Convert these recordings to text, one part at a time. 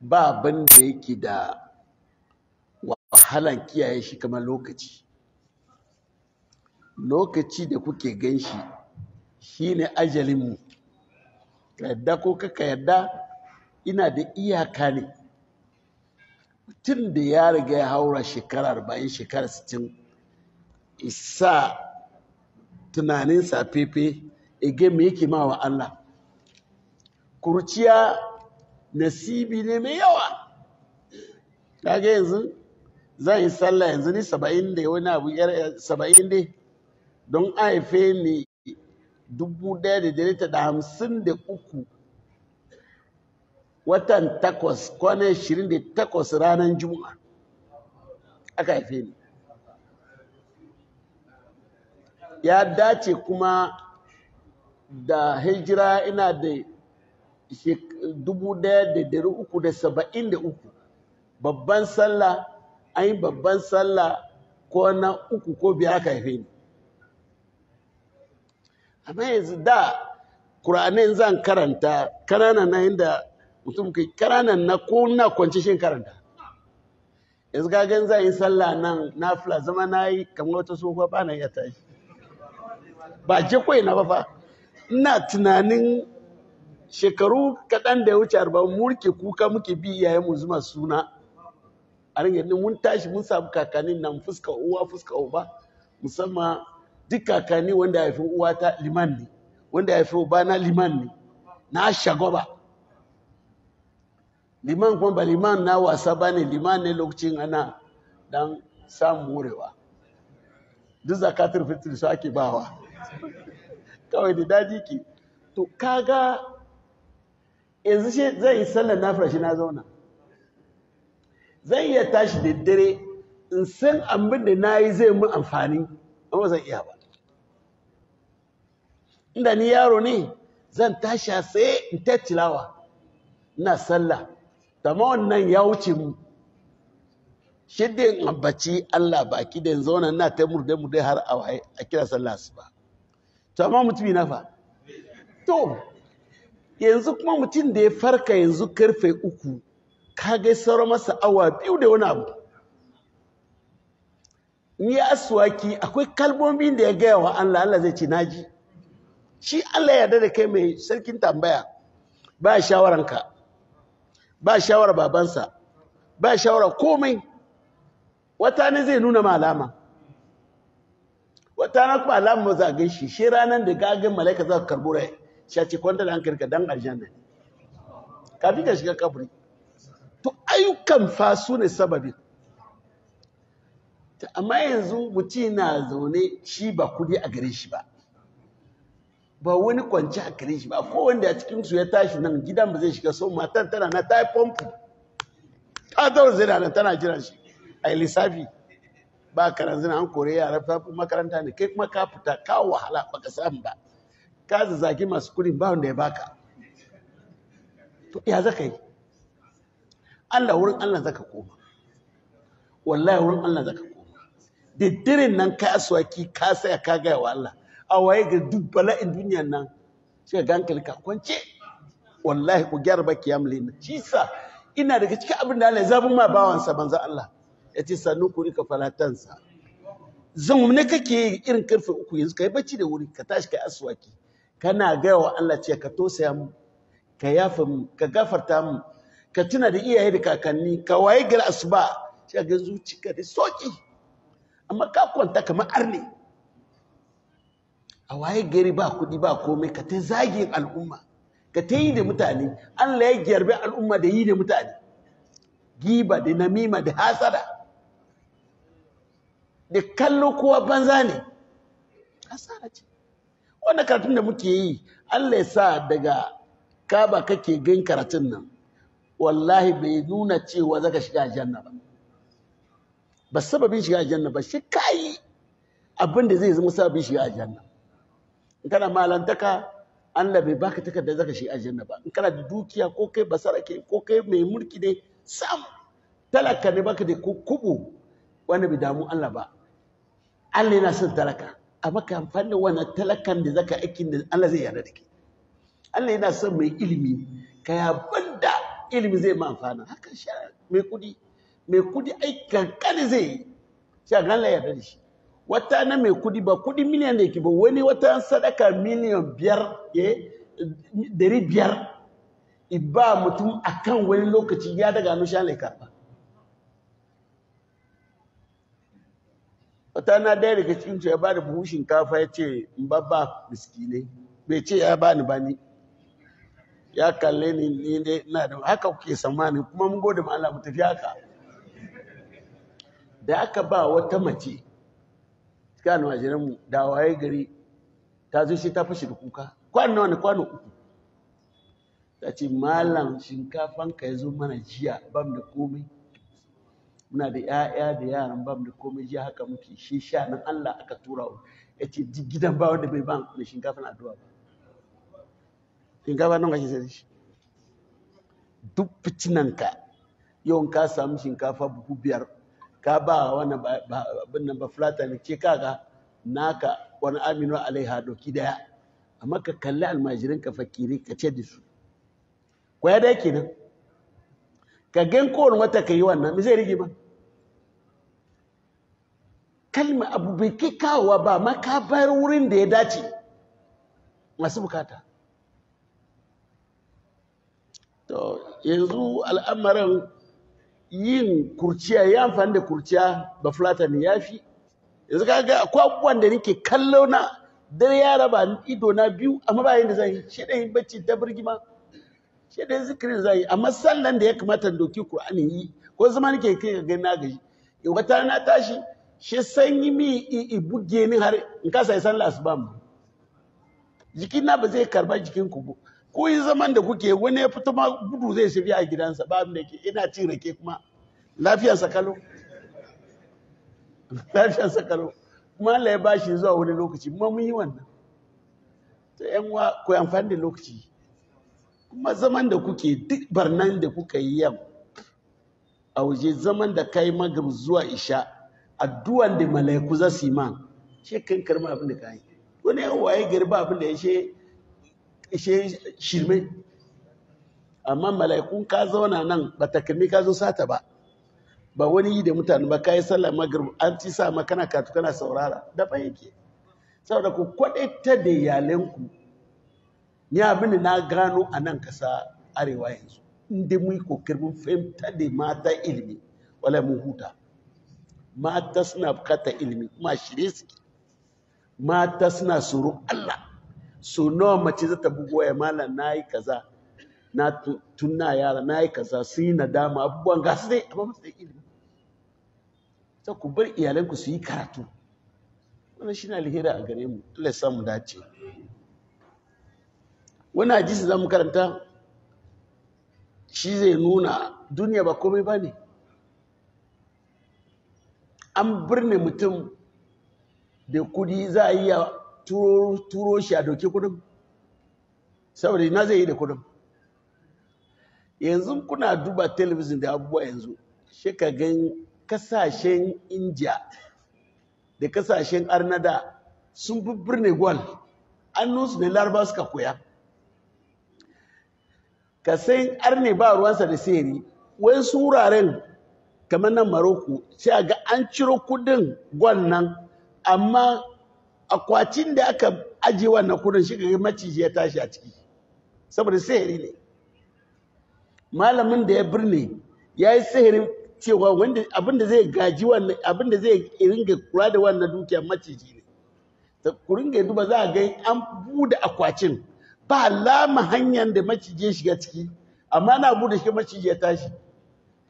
ba ban da yake da wahalan kiyaye shi kamar lokaci lokaci da kuke gan shi shi ne ajalinmu ka yadda ko kaka yadda ina da iyaka ne mutum da ya riga ya haura shekara arba'in shekara sittin isa tunaninsa fefe ege yake ma wa Allah kurciya nasibi ne mai yawa kaga yanzu zan yi sallah yanzu ni saba'in da wani abu yar saba'in dai don haife ni dubu ɗaya da dari da hamsin da uku watan takwas kwanan shirin da takwas ranar juma'a aka haife ni ya dace kuma da hijira ina da dubu ɗaya da dari uku da saba'in da uku babban sallah an yi babban sallah ko na uku ko biya aka haife ni amma yanzu da ƙuranin zan karanta ƙananan na inda mutum kai ƙananan na ko na kwanci shi karanta yanzu gagan zan yi sallah nan na fila zama na yi kamar wata sofa ba na iya tashi ba je kawai na ba fa ina tunanin shekaru kaɗan da ya wuce arba'in murke kuka muke bi iyayen mu zuma suna a ringa mun tashi mun samu kakannin nan fuska uwa fuska uba musamman duk kakanni wanda ya fi uwa ta liman ne wanda ya fi uba na liman ne na shagoba liman kuma ba liman na wasa ba ne liman ne lokacin ana dan samun morewa duk zakatar fitri su ake bawa kawai da daji ke to kaga yanzu shi zai yi sallar na shi na zauna zan iya tashi da dare in san abin da na yi zai mu amfani a zan iya ba inda ni yaro ne zan tashi a tsaye in ta tilawa na sallah tama wannan ya wuce mu shiddin abaci Allah baki da zauna na ta murde murde har a a kira sallah su ba to amma mutum na fa to yanzu kuma mutum da ya farka yanzu karfe uku ka ga sauro masa awa biyu da wani abu in ya aswaki akwai kalmomin da ya gaya wa Allah Allah zai ce naji shi Allah ya da kai mai sarkin tambaya ba shawaranka ba shawara babansa ba shawara komai wata ne zai nuna malama alama wata na kuma alama za a gan shi shi ranar da gagan malaika za ka karbura rai shi ce kwanta da hankalinka dan aljanna ne kafin ka shiga kabri to ayyukan fasu su ne sababin amma yanzu mutum na zaune shi ba kudi a gare shi ba ba wani kwanci a gare shi ba ko wanda a cikin su ya tashi nan gidan ba zai shiga so matan tana na ta yi pompu ta zaune zai na tana jiran shi a yi lissafi ba karanzu na an kore yara makaranta ne kai kuma ka fita ka wahala ka samu ba ka zaki masu kudin ba wanda ya baka to ya zaka yi Allah wurin Allah zaka koma wallahi wurin Allah zaka koma diddirin nan ka aswaki ka saya ka gaya wa Allah a waye ga dubbala bala'in duniyan nan sai ga hankali ka kwance wallahi ku gyara ba ya lin shi ina daga cikin abin da Allah ya zabin ma bawansa banza Allah Ya ce sannu ku rika falatansa zan ne kake irin karfe uku yanzu kai bacci da wuri ka tashi kai aswaki kana gaya wa Allah ce ka tosaya mu ka yafa mu ka gafarta mu ka tuna da iyaye da kakanni ka waye gar asuba sai ga zuciya da soki amma ka kwanta kamar arne a waye gari ba kudi ba komai ka ta zagin al'umma ka ta yi da mutane Allah ya gyarbe al'umma da yi da mutane giba da namima da hasada da kallo kowa banza ne hasara ce wannan karatun da muke yi Allah ya sa daga kaba kake gan karatun nan wallahi bai nuna cewa zaka shiga janna ba ba sababin shiga janna ba shi kai abin da zai zama sababin shiga janna in kana malantaka Allah bai baka takarda zaka shiga janna ba in kana da dukiya ko kai basara ke, ko kai mai mulki ne sam talaka ne baka da kubu wanda bai damu Allah ba Allah yana son talaka a maka amfani wani talakan da zaka aikin da Allah zai yarda da ke Allah yana son mai ilimi ka ya da ilimi zai ma amfana haka shi mai kudi mai kudi ai kankani zai yi shi a Allah yarda da shi wata na mai kudi ba kudi miliyan da yake ba wani wata sadaka miliyan biyar eh, dari biyar ba mutum akan wani lokaci ya daga nusha lai wata na ɗaya daga cikin ya ba da buhu shinkafa ya ce in ba ba ne? bai ce ya bani ba ni ya kalle ni ni ne na da haka kuke samani kuma mun gode ma Allah mu tafi haka da aka ba wata mace cikin almajiran mu da waye gari ta zo shi ta fashi da kuka kwano wani kwano uku ta ce malam shinkafanka ya zo mana jiya bam da komai muna da 'ya'ya da yaran ba da komai jiya haka muke shi sha nan Allah aka tura wa yace duk gidan ba wanda bai ba mu shinkafa na addu'a ba shinkafa nan kashi sai shi duk fitinan ka yau ka samu shinkafa buhu biyar ka ba wannan abin nan ba flata ne ce kaga naka wani aminu alaiha doki daya amma ka kalli almajirin ka fakiri ka ce da su kwaya da kenan ka gan kowane wata ka yi wannan mai zai rige ba kalma abu bai ki kawowa ba makabar wurin da ya dace masu bukata to yanzu al'amarin yin kurciya ya amfani da kurciya ba ne ya fi yanzu ka ga akwai abubuwan da nake kallo na dare ya raba ido na biyu amma ba da zan yi shi ɗaya bacci ta birgima shi da zikirin zai amma da ya kamata doki Qur'ani yi ko zama nake kai ga gina gaji in wata na tashi shi sanyi mi i buge ni har in kasa yi sallah asuba mu jikin na ba zai karba jikin ku ko yi zaman da kuke wani ya fito ma gudu zai shafi a gidansa ba abin da ke ina cin rake kuma lafiyar sakalo lafiyar sakalo kuma Allah ya bashi zuwa wani lokaci kuma mun yi wannan ta yan amfani da lokaci mazaman zaman da kuke duk barnan da kuka yi yau a waje zaman da kai magrib zuwa isha addu'an da malaiku za su yi man shi kan karma abin da ka yi wani yan waye gari ba abin da ya she shirme amma malaikun ka zauna nan ba takalmi ka zo sata ba ba wani yi da mutane ba kayi sallar magrib an ci sa makana katu kana saurara da ba ke saboda ku kwadaita da iyalanku ni abin da na gano a nan kasa arewa yanzu inda mu yi mun fahimta da mata ilimi wala mun huta mata suna bukata ilimi kuma shirye suke mata suna tsoro Allah so nawa mace za ta bugo ya mala na yi kaza na tunna yara na yi kaza sun yi nadama abubuwan ga su dai amma ba da ilimi ta ku bar iyalanku su yi karatu wannan shi na alheri a gare mu Allah ya samu dace wani hadisi za mu karanta shi zai nuna duniya ba komai ba ne an birne mutum da kudi za a iya turo shi a doke kudin saboda na zai yi da kudin yanzu kuna duba talabijin da abubuwa yanzu shi ka gan kasashen india da kasashen arnada sun fi birne gwal annunsu da laraba suka koya ka san arne ba ruwansa da sihiri wai suraren kamar nan maroko sai ga an ciro kudin gwan nan amma akwatin da aka aji wannan kudin shi ga maciji ya tashi a ciki saboda sihiri ne malamin da ya birne ya yi sihirin cewa abinda zai gaji wannan abinda zai ringa kula da wannan dukiyar maciji ne ta ku ringa duba za a ga an buɗe akwacin ba lama hanyar da macije shiga ciki amma na bude shi maciji ya tashi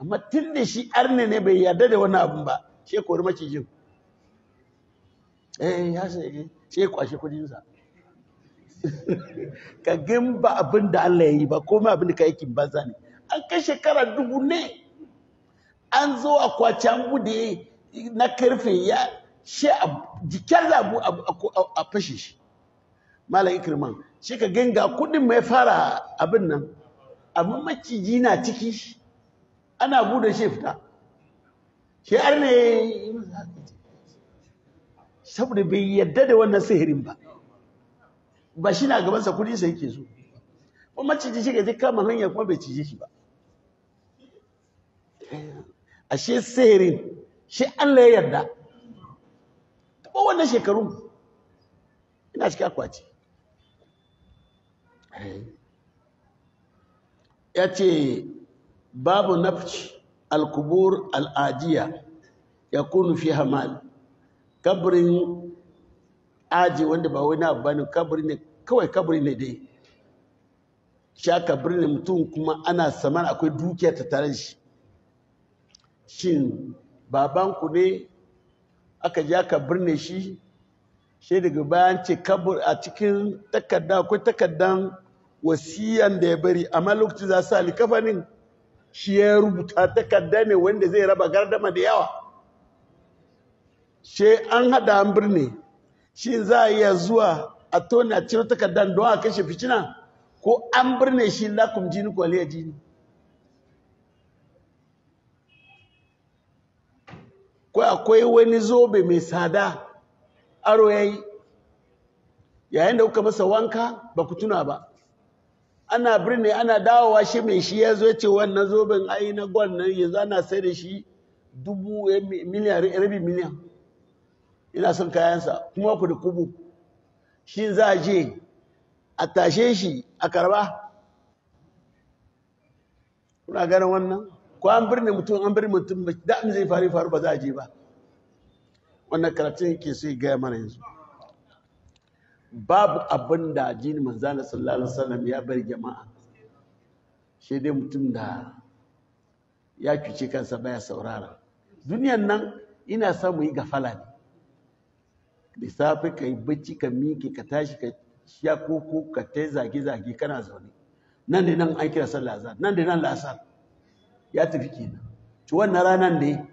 amma tun da shi arne ne bai yarda da wani abun ba shi kori macijin eh ya sai sai ya kwashe kudinsa ka ba abin da Allah ya yi ba komai abin da ka yi banza ne an kai shekara dubu ne an zo a kwace an bude na karfe ya shi jikin zabu a fashe shi malam ikirman shi ka ganga kudin mai fara abin nan amma maciji na ciki ana bude shi fita shi ar ne saboda bai yadda da wannan sihirin ba ba shi na gabansa kudi sa yake so ba maciji shi ka ji kama hanyar kuma bai cije shi ba ashe sihirin shi Allah ya yarda ta wannan shekaru ina cikin akwati ya ce babu nafci alkubur al'ajiya ya kunu fi hamal kabirin aji wanda ba wani abu bane kabiri ne kawai kabiri ne dai sha kabiri ne mutum kuma ana saman akwai dukiya ta tare shi shin babanku ne aka ja kabiri ne shi shi daga bayan ce kabiri a cikin takarda akwai takardan wasiyan da ya bari amma lokaci za su kafanin, shi ya rubuta takarda ne wanda zai raba gardama da yawa shi an hada an birni shi za a iya zuwa a tone a ciro takardar don a kashe fitina ko an birne shi lakum jini ko aliyar jini ko akwai wani zobe mai tsada aro yayi yayin da kuka masa wanka ba ku tuna ba ana birni ana dawowa shi mai shi ya zo ce wannan zoben ai na gwan nan yanzu ana sai da shi dubu eh, miliyan rabi miliyan ina son kayansa kuma ku da kubu shi za a je a tashe shi a karba kuna ganin wannan ko an birni mutum an birni mutum da zai faru faru ba za a je ba wannan karatun ke sai gaya mana yanzu babu abin da jini manzana sallallahu alaihi wasallam ya bar jama'a shi dai mutum da ya cuce kansa baya saurara duniyan nan ina son mu yi gafala ne da safe ka yi bacci ka miƙe ka tashi ka sha koko ka ta zage-zage kana zaune nan da nan an kira sallah azan nan da nan la'asar ya tafi kenan to wannan ranan ne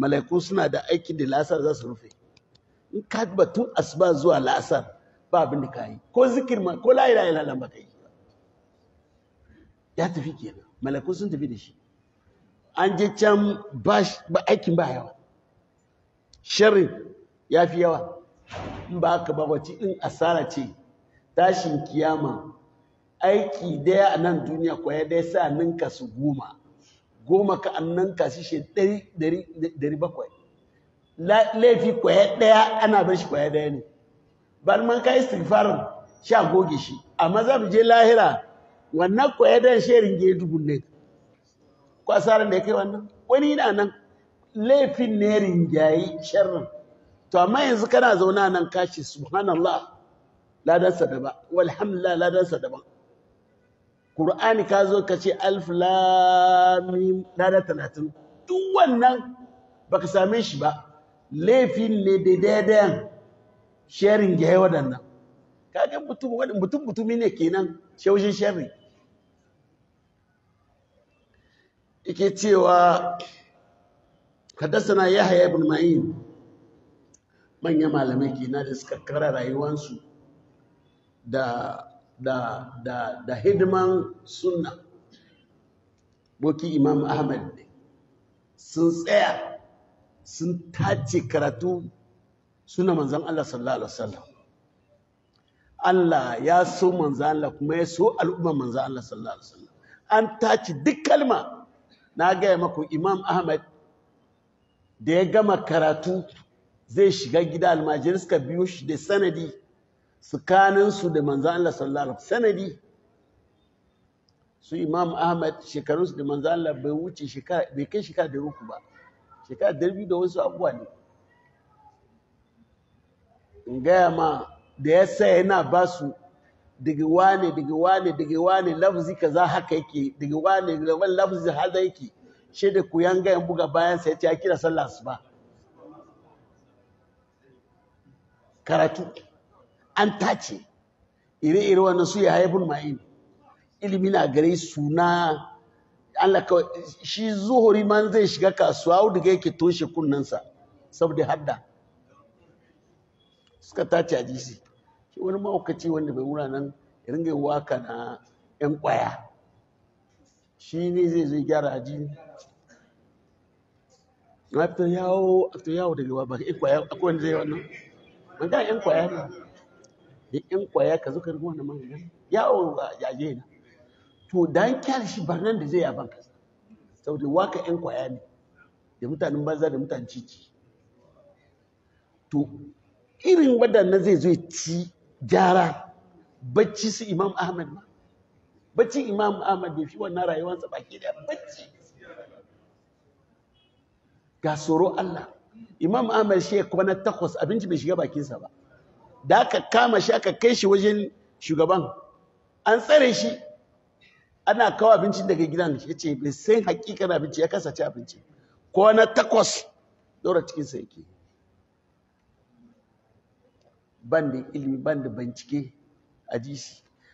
malaiku suna da aiki da la'asar za su rufe in ka tun asuba zuwa la'asar ba abin da ka yi ko zikir ma ko la ilaha illallah ba ka yi ya tafi kenan malakun sun tafi da shi an je can ba aikin ba yawa sharri ya fi yawa in ba ka ba wace in asara ce tashin kiyama aiki daya a nan duniya kwaya daya sa ninka su goma goma ka an ka su shi dari bakwai laifi kwaya daya ana bar shi kwaya daya ne balman ka istighfarin sha goge shi amma za mu je lahira wannan ko ya dan sharing ge dubun ne ko asaran da kai wannan wani ina nan laifin ne ringayi sharrin to amma yanzu kana zauna nan kashi subhanallah ladansa daban walhamdulillah ladansa daban Qur'ani ka zo ka ce alf lam mim lada 30 duk wannan baka same shi ba laifin ne da sharing ya yi waɗannan kaga mutum waɗin mutumi ne kenan shaushin sharing Ike cewa haddasa Yahaya ibn ma'in manyan malamai kenan da suka kara rayuwansu da da hidiman sunna boki imam ahmad ne sun tsaya sun tace karatu suna manzan Allah sallallahu alaihi wasallam Allah ya so manzan Allah kuma ya so al'umman manzan Allah sallallahu alaihi wasallam an taci duk kalma na gaya maku Imam Ahmad da ya gama karatu zai shiga gida almajiri suka biyo shi da sanadi su kaninsu da manzan Allah sallallahu alaihi sanadi su Imam Ahmad shekarunsu da manzan Allah bai wuce shekara bai kai shekara da ruku ba shekara da biyu da wasu abubuwa ne in gaya ma da ya sa yana ba su daga wane daga wane daga wane lafzi za haka yake daga wane daga wane lafzi haza yake shi da ku yan gaya buga bayan sai ta kira sallah su ba karatu an tace ire-ire wannan su ya haifin ma'in ilimi na gare suna Allah kawai shi zuhuri man zai shiga kasuwa daga yake toshe kunnansa saboda hadda suka tace hadisi shi wani mahaukaci wanda bai wura nan ya waka na yan kwaya shi ne zai zai gyara aji na fitar yawo a fitar yawo daga ba yan ikwaya akwai wanda zai wannan magana yan kwaya ne da yan kwaya ka zo ka ringa wannan magana yawo a jaje na to da an kyara shi nan da zai yaban sau saboda waka yan kwaya ne da mutanen banza da mutanen ciki to irin waɗannan zai zo ci gyara bacci su imam ahmad ma bacci imam ahmad ya fi wannan rayuwarsa baki da bacci ga tsoro allah imam ahmad shi ya kwanar takwas abinci bai shiga bakinsa ba da aka kama shi aka kai shi wajen shugaban an tsare shi ana kawo abinci daga gidan ya ce bai san hakikan abinci ya kasa ci abinci kwana takwas daura cikinsa yake ban da ilimi ban da bincike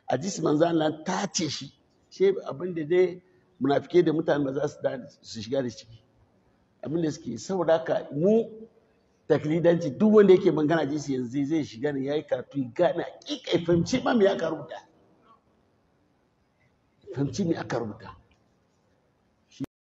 a jisi manzo Allah ta ce shi she abin da dai munafike da mutane ba za su da su shiga da ciki abin da suke saboda ka mu taklidanci duk wanda yake magana jisi yanzu zai shiga ne yayi karatu gane hakika fahimci ma me aka rubuta fahimci me aka rubuta